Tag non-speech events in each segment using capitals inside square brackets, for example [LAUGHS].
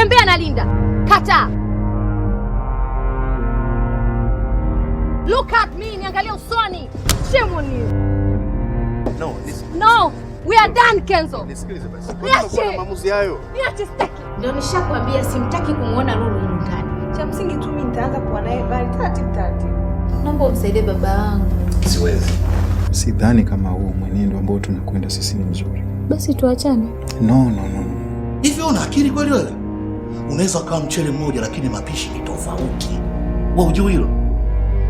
tembea na Linda. Kataa. Look at me, niangalia usoni. Shame on you. No, listen. No, we are done, Kenzo. Niache. Maamuzi hayo. Niache sitaki. Ndio nishakwambia simtaki kumuona Lulu ndani. Cha msingi tu mimi nitaanza kuwa naye bali taratibu taratibu. Naomba umsaidie baba yangu. Siwezi. Sidhani kama huo mwenendo ambao tunakwenda sisi ni mzuri. Basi tuachane. No, no, no. Hivi una akili kweli wewe? unaweza kawa mchele mmoja, lakini mapishi ni tofauti. Wewe hujui hilo?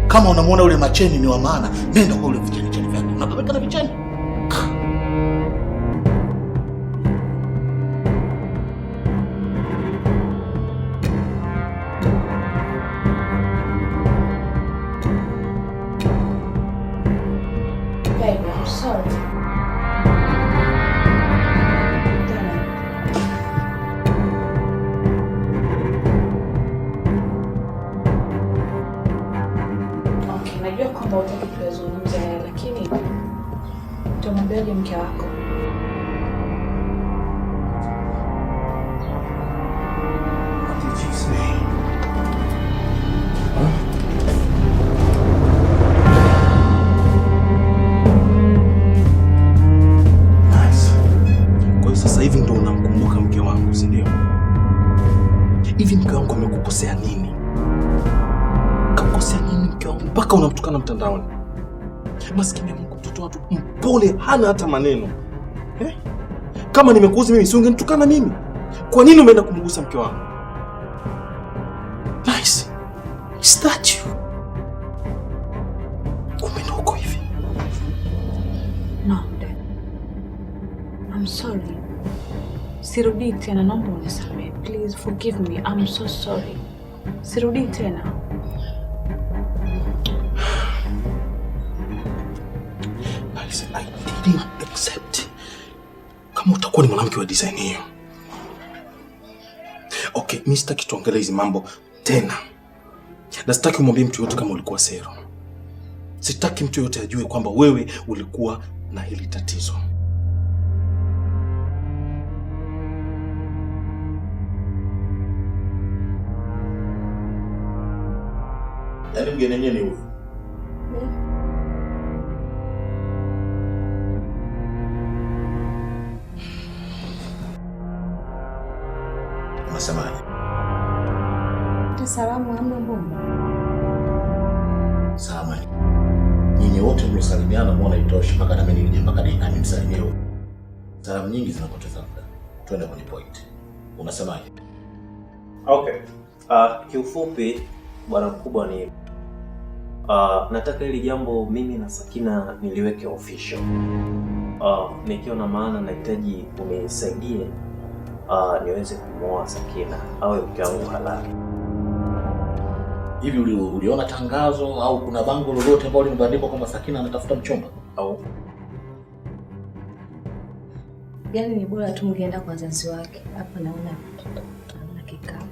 Kama unamwona ule macheni ni wa maana, nenda kwa ule vicheni cheni vyake, unapelekana vicheni utazungumza naye, lakini utamwambiaje mke wako? Hivi mke nini? Kakukosea nini mke wangu mpaka unamtukana mtandaoni? Maskini Mungu, mtoto watu mpole, hana hata maneno eh? Kama nimekuuzi mimi, si ungenitukana mimi? Kwa nini umeenda kumgusa mke wangu? Nice. Is that you? Umeenda huko hivi? No, I'm sorry. Sirudi tena, naomba unisamehe. Please forgive me. I'm so sorry. Sirudi tena. kama utakuwa ni mwanamke wa design hiyo. Okay, mimi sitaki tuongelee hizi mambo tena, na sitaki umwambie mtu yoyote kama ulikuwa sero. Sitaki mtu yoyote ajue kwamba wewe ulikuwa na hili tatizo. Yaani mgeni mwenyewe ni huyu. salamu hamna mbona? Samahani. Nyinyi wote mlosalimiana muona itoshi mpaka na mimi nije mpaka dakika nimsalimie. Salamu nyingi zinapoteza muda. Twende kwenye point. Unasemaje? Okay. Uh, kiufupi bwana mkubwa ni uh, nataka hili jambo mimi na Sakina niliweke official. Uh, nikiwa na maana nahitaji unisaidie, uh, niweze kumwoa Sakina awe mke wangu halali. Hivi uliona tangazo au kuna bango lolote ambalo limebandikwa kwamba Sakina anatafuta mchumba au gani? Ni bora tu mkienda kwa wazazi wake. Hapa naona naona kikao.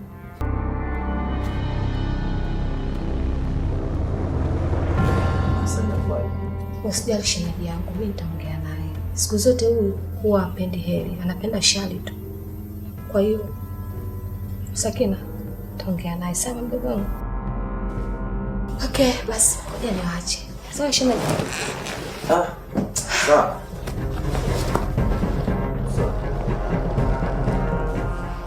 Usijali shemeji yangu, mimi nitaongea naye siku zote. Huyu huwa apendi heri, anapenda shari tu. Kwa hiyo Sakina, taongea naye sana mdogo wangu. Okay, basi ngoja niwaache. Sawa shemeji. Ah. Sawa.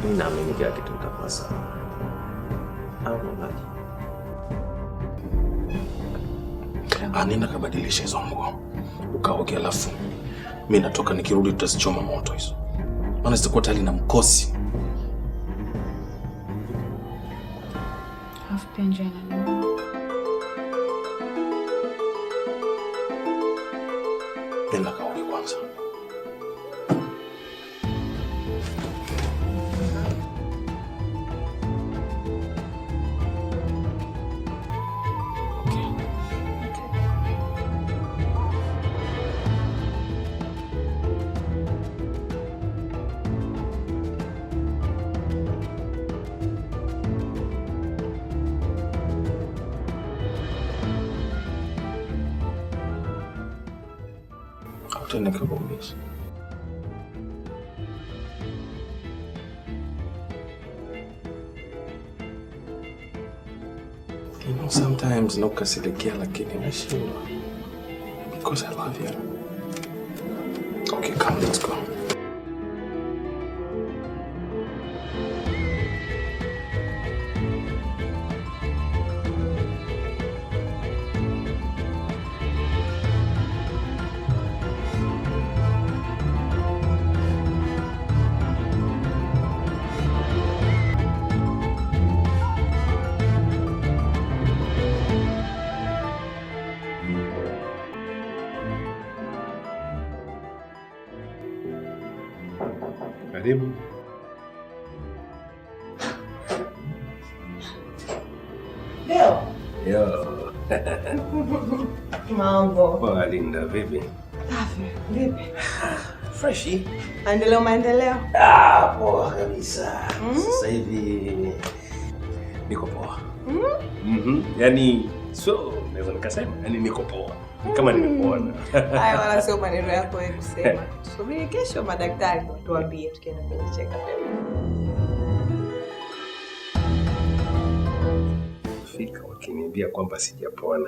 Mimi naamini kila kitu kitakuwa sawa. Au mamaji. Anenda ah, kabadilisha hizo nguo ukaoge, alafu mi natoka, nikirudi tutazichoma moto hizo, maana zitakuwa tayari na mkosi. Alafu pia njoo Eu Colômbia. You know, sometimes look as the girl again in Because I love you. Okay, come, let's go. mambo? Poa Linda, vipi? Safi, vipi? Freshi. Eh? Maendeleo maendeleo. Ah, poa kabisa. Mm -hmm. Sasa hivi niko poa. Mm? Mhm. Mm -hmm. Yaani so naweza nikasema, yaani niko poa. Kama mm. nimepona. [LAUGHS] Haya wala sio [LAUGHS] maneno yako wewe kusema. Tusubiri kesho madaktari watuambie tukienda kwenye check up. Wakiniambia kwamba sijapona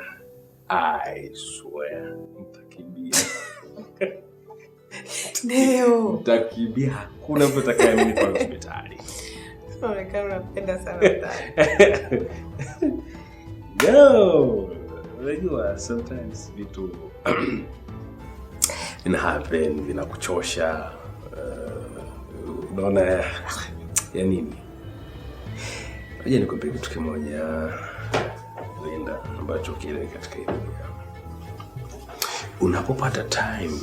I swear mtakimbia. Ndio. Mtakimbia, hakuna mtu atakayeamini kwa hospitali. Unaonekana unapenda sana daktari. [LAUGHS] No. Unajua sometimes vitu [CLEARS THROAT] vina happen vinakuchosha. Uh, unaona ya nini? Ngoja nikwambie kitu kimoja. Linda ambacho kile katika hii Unapopata time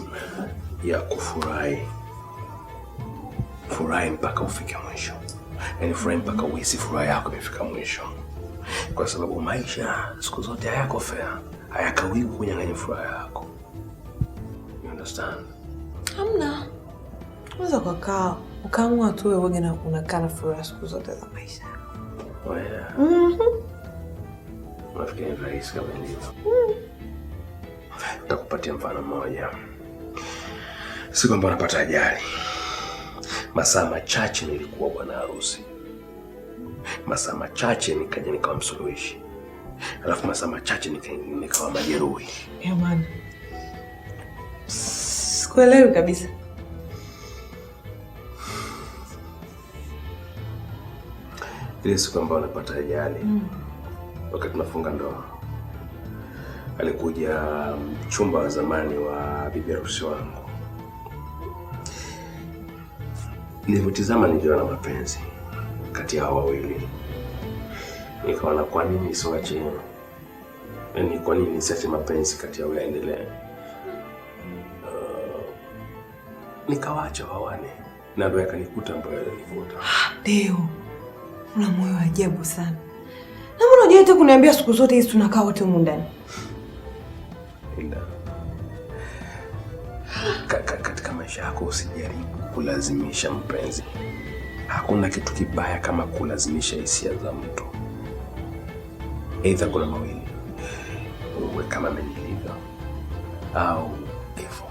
ya kufurahi, furahi mpaka ufike mwisho, yaani furahi mpaka uhisi furaha yako imefika mwisho, kwa sababu maisha siku zote hayako fair, hayakawi kunyang'anya furaha yako. You understand? Hamna. Unaweza kukaa ukaamua tu wewe unakaa na furaha siku zote za maisha. Well, oh, mm nafikiri ni rahisi kama ilivyo. Nitakupatia mfano mmoja. Siku ambayo napata ajali, masaa machache nilikuwa bwana harusi, masaa machache nikaja nikawa msuluhishi, alafu masaa machache nikawa majeruhi. Sikuelewi kabisa. Ile siku ambayo napata ajali mm wakati tunafunga ndoa, alikuja mchumba um, wa zamani wa bibi harusi wangu. Nilivyotizama na mapenzi kati ya hao wawili, nikaona kwa nini siwache, yaani kwa nini siache mapenzi kati yao yaendelee? Uh, nikawacha wawane na ndoa yakanikuta ambayo yalinivuta. Deo, una moyo wa ajabu sana. Unajua yote kuniambia siku zote hizi tunakaa wote humu ndani. Katika maisha yako usijaribu kulazimisha mpenzi. Hakuna kitu kibaya kama kulazimisha hisia za mtu. Aidha, kuna mawili, uwe kama mimi nilivyo au hivyo.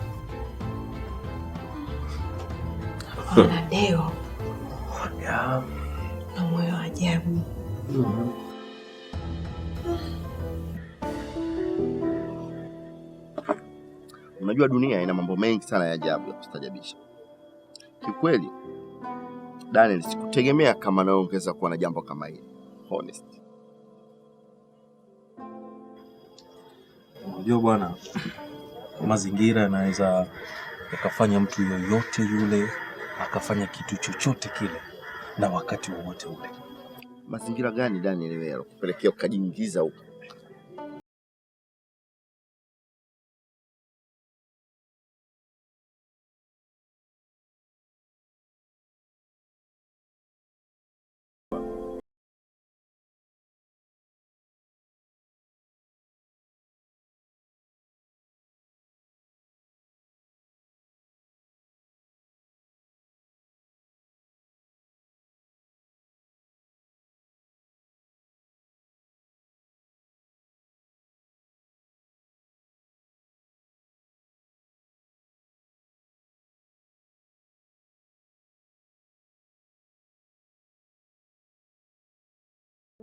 Hapana, Deo. Na moyo ajabu. Mm-hmm. Unajua dunia ina mambo mengi sana ya ajabu ya kustajabisha. Kikweli Daniel, sikutegemea kama nawe ungeweza kuwa na jambo kama hili. Honest. Unajua bwana, mazingira yanaweza yakafanya mtu yoyote yule akafanya kitu chochote kile na wakati wowote ule. Mazingira gani Daniel, wewe kupelekea ukajiingiza huko?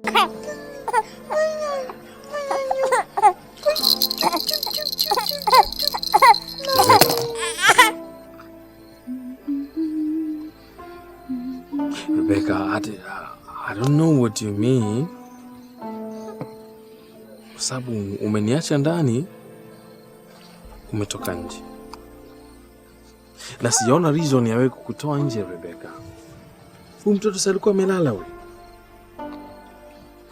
Rebecca, I, I, don't know what you mean. Kwa sababu umeniacha ndani, umetoka nje na sijaona reason ya wewe kukutoa nje Rebecca. Huyu mtoto si alikuwa amelala huyu.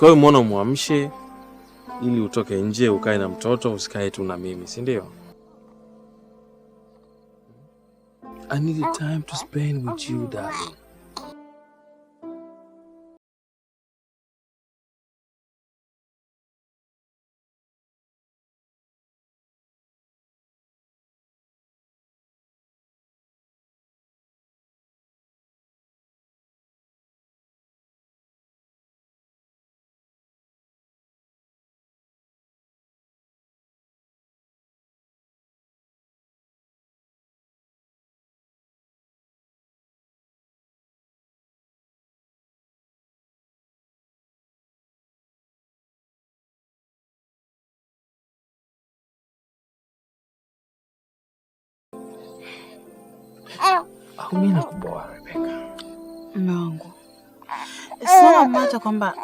Kwa hiyo mwana, umwamshe ili utoke nje ukae na mtoto, usikae tu na mimi, si ndio? I need time to spend with you darling. au nakuboa Rebeka? Mume wangu, sina kwamba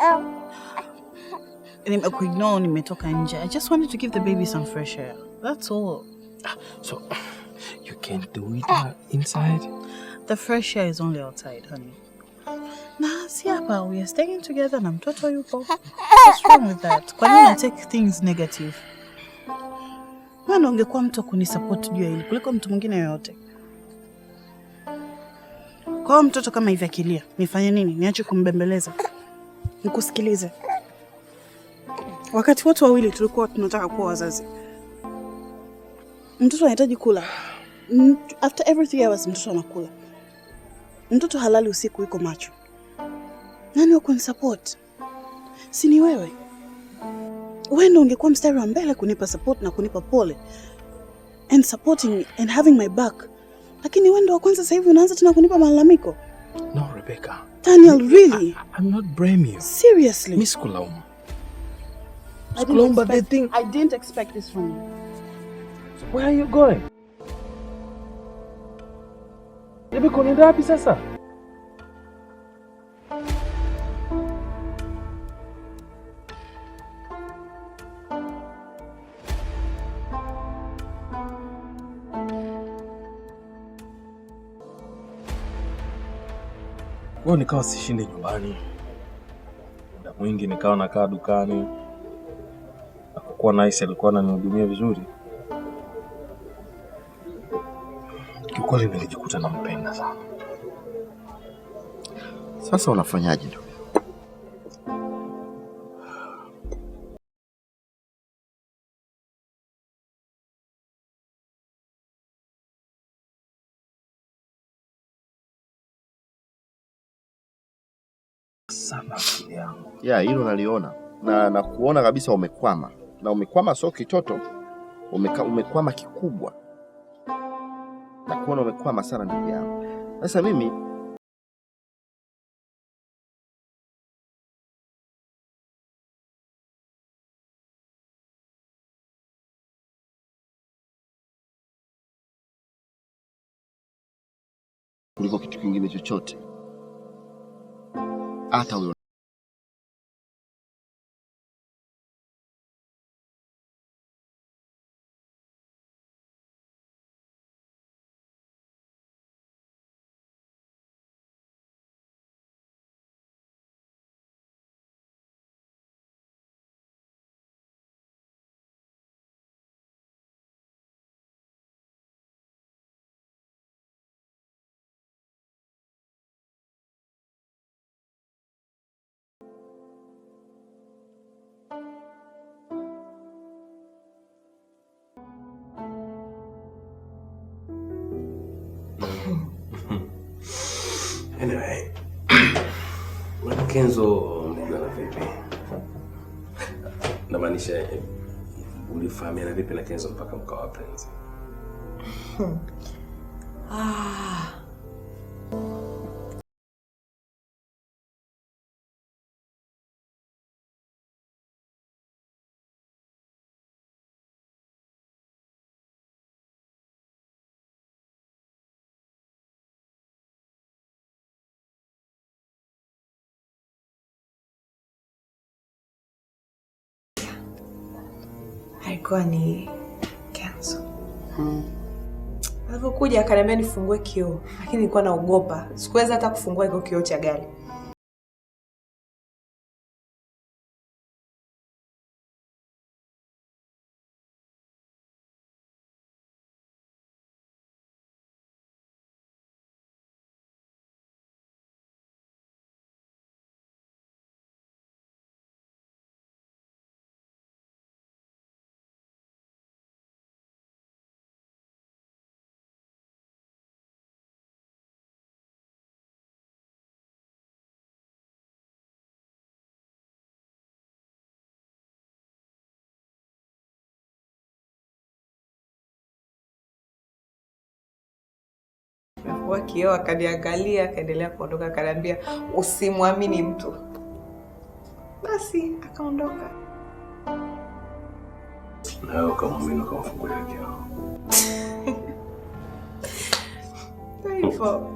nimekuignore, nimetoka nje. I just wanted to give the baby some fresh air. That's all. Ah, so you do it uh, inside? The fresh air is only outside, honey. Na si hapa, we are staying together na mtoto yupo. What's wrong with that? Kwa nini take things negative? ungekuwa mtu kunisupport juu ya hili kuliko mtu mwingine yoyote. Kwa hiyo mtoto kama hivi akilia, nifanye nini? Niache kumbembeleza? Nikusikilize? Wakati wote wawili tulikuwa tunataka kuwa wazazi. Mtoto anahitaji kula. After every three hours mtoto anakula. Mtoto halali usiku, iko macho. Nani wa kunisupport? Si ni wewe? Wewe ndio ungekuwa mstari wa mbele kunipa support na kunipa pole and supporting and having my back lakini wewe ndio wa kwanza sasa hivi unaanza tena kunipa malalamiko. No, Rebecca. Daniel, really? I, I'm not blame you. Seriously. Miss Kulaumu. Miss Kulaumu, but the thing... I didn't expect this from you. So where are you going? Rebecca, unaenda wapi sasa? Kwa hiyo nikawa sishinde nyumbani, muda mwingi nikawa nakaa dukani. Napokuwa Naisi alikuwa ananihudumia vizuri, kiukweli nilijikuta nampenda sana. Sasa unafanyaje ndugu? ya hilo naliona na, na kuona kabisa umekwama na umekwama, sio kitoto, umekwama kikubwa, na kuona umekwama sana ndugu yangu. Sasa mimi kuliko kitu kingine chochote hata [LAUGHS] Anyway, [CLEARS THROAT] Kenzo mjuana vipi? Namaanisha eh, ulifahamiana vipi na Kenzo mpaka mkawa wapenzi? [LAUGHS] Ah. ilikuwa ni cancer. Hmm. Alipokuja akaniambia nifungue kioo, lakini nilikuwa naogopa, sikuweza hata kufungua iko kioo cha gari. wangu kioo akaniangalia, akaendelea kuondoka, akaniambia usimwamini mtu. Basi akaondoka nawe ukamwamini, ukamfungulia kioo [LAUGHS] hivyo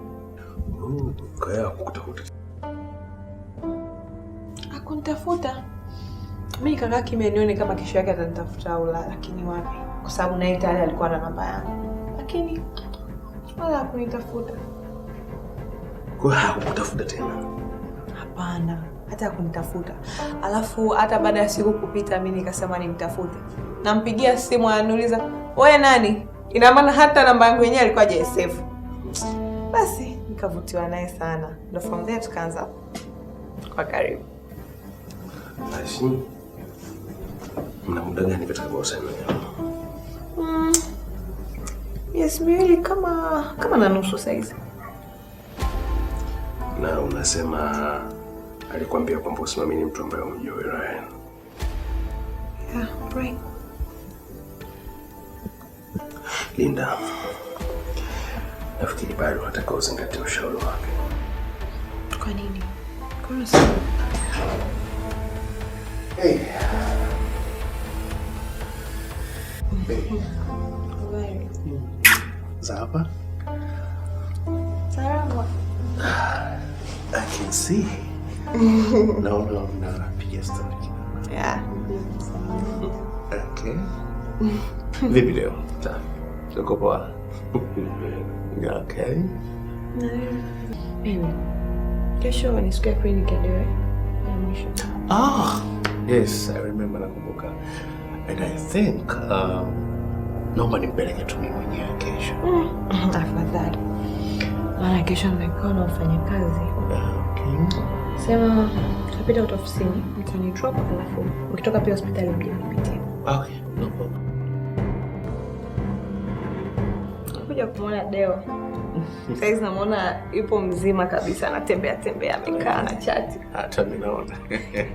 akuntafuta mi kaka kimenione kama kesho yake atanitafuta au la, lakini wapi, kwa sababu naye tayari alikuwa na namba yangu, lakini wala hakunitafuta. Kwa hiyo hakukutafuta tena? Hapana, hata hakunitafuta. Alafu hata baada ya siku kupita, mi nikasema nimtafute, nampigia simu, ananiuliza wewe nani? Ina maana hata namba yangu yenyewe alikuwa hajaisave. Basi nikavutiwa naye sana, ndio from there tukaanza kwa karibu. Basi mna muda gani katika mahusiano miezi miwili kama kama na nusu saizi. Na unasema alikwambia kwamba usimamini mtu ambaye umjui, Ryan? Yeah, right. Linda, nafikiri bado nataka uzingatie ushauri wake. Kwa nini? Hey. Hey. Hmm za hapa. Salama. [SIGHS] I can see. [LAUGHS] Naona mnapiga story. Yeah. Okay. Vipi leo? Uko poa? [LAUGHS] Okay. Kesho ni siku ya clinic ya Ah, yes, I remember nakumbuka. And I think um, naomba nimpeleke tu mimi mwenyewe kesho. Mm. Afadhali. maana kesho nimekuwa na kazi. Ah, okay. Sema tutapita kutoka ofisini, drop alafu ukitoka pia hospitali uje nipitie. Ah, okay, no problem. Kuja kumwona Deo. [LAUGHS] Saizi namwona yupo mzima kabisa, anatembea tembea, amekaa na chati. Hata mimi naona.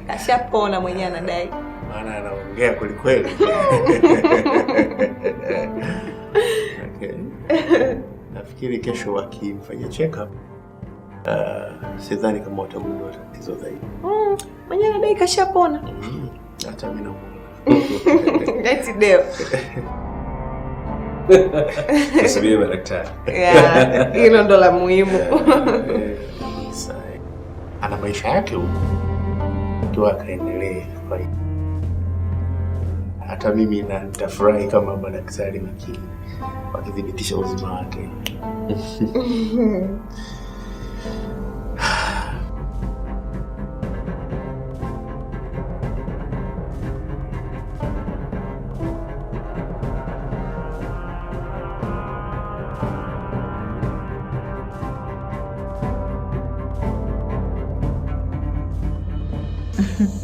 Ashapona mwenyewe anadai maana anaongea kwelikweli. Nafikiri kesho wakimfanya check up uh, sidhani kama watagundua tatizo zaidi. Mm, mwenyewe anadai kashapona. Mm, hata mimi naona. [LAUGHS] eti deo deal. [LAUGHS] madaktari. Yeah, hilo ndo la muhimu. [LAUGHS] Eh, eh, Ana maisha yake huko. Akiwa akaendelea kwa hiyo hata mimi nitafurahi kama madaktari wakithibitisha uzima wake.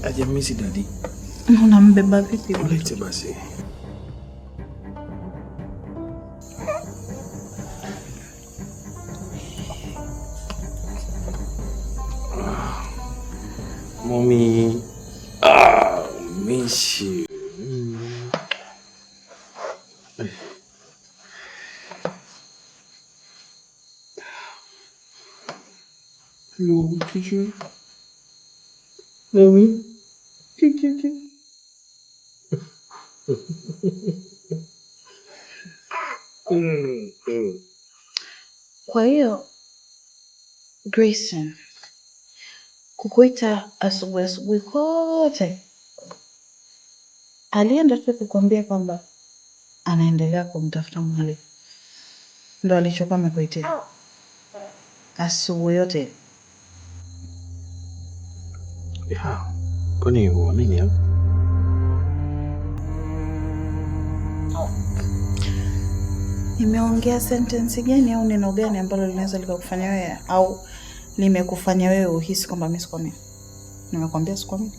Ajamisi dadi Unambeba vipi? Ulete basi. Mommy, ah, miss you. Hello, teacher. teacher. [LAUGHS] Kwa hiyo Grayson, kukuita asubuhi asubuhi kote, alienda tu kukuambia kwamba anaendelea kumtafuta mwali, ndo alichokuwa amekuitia asubuhi yote. Kwani uamini? Nimeongea sentensi gani au neno gani ambalo linaweza likakufanya wewe au limekufanya wewe uhisi kwamba mimi sikwamini? Nimekwambia sikwamini.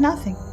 Nothing.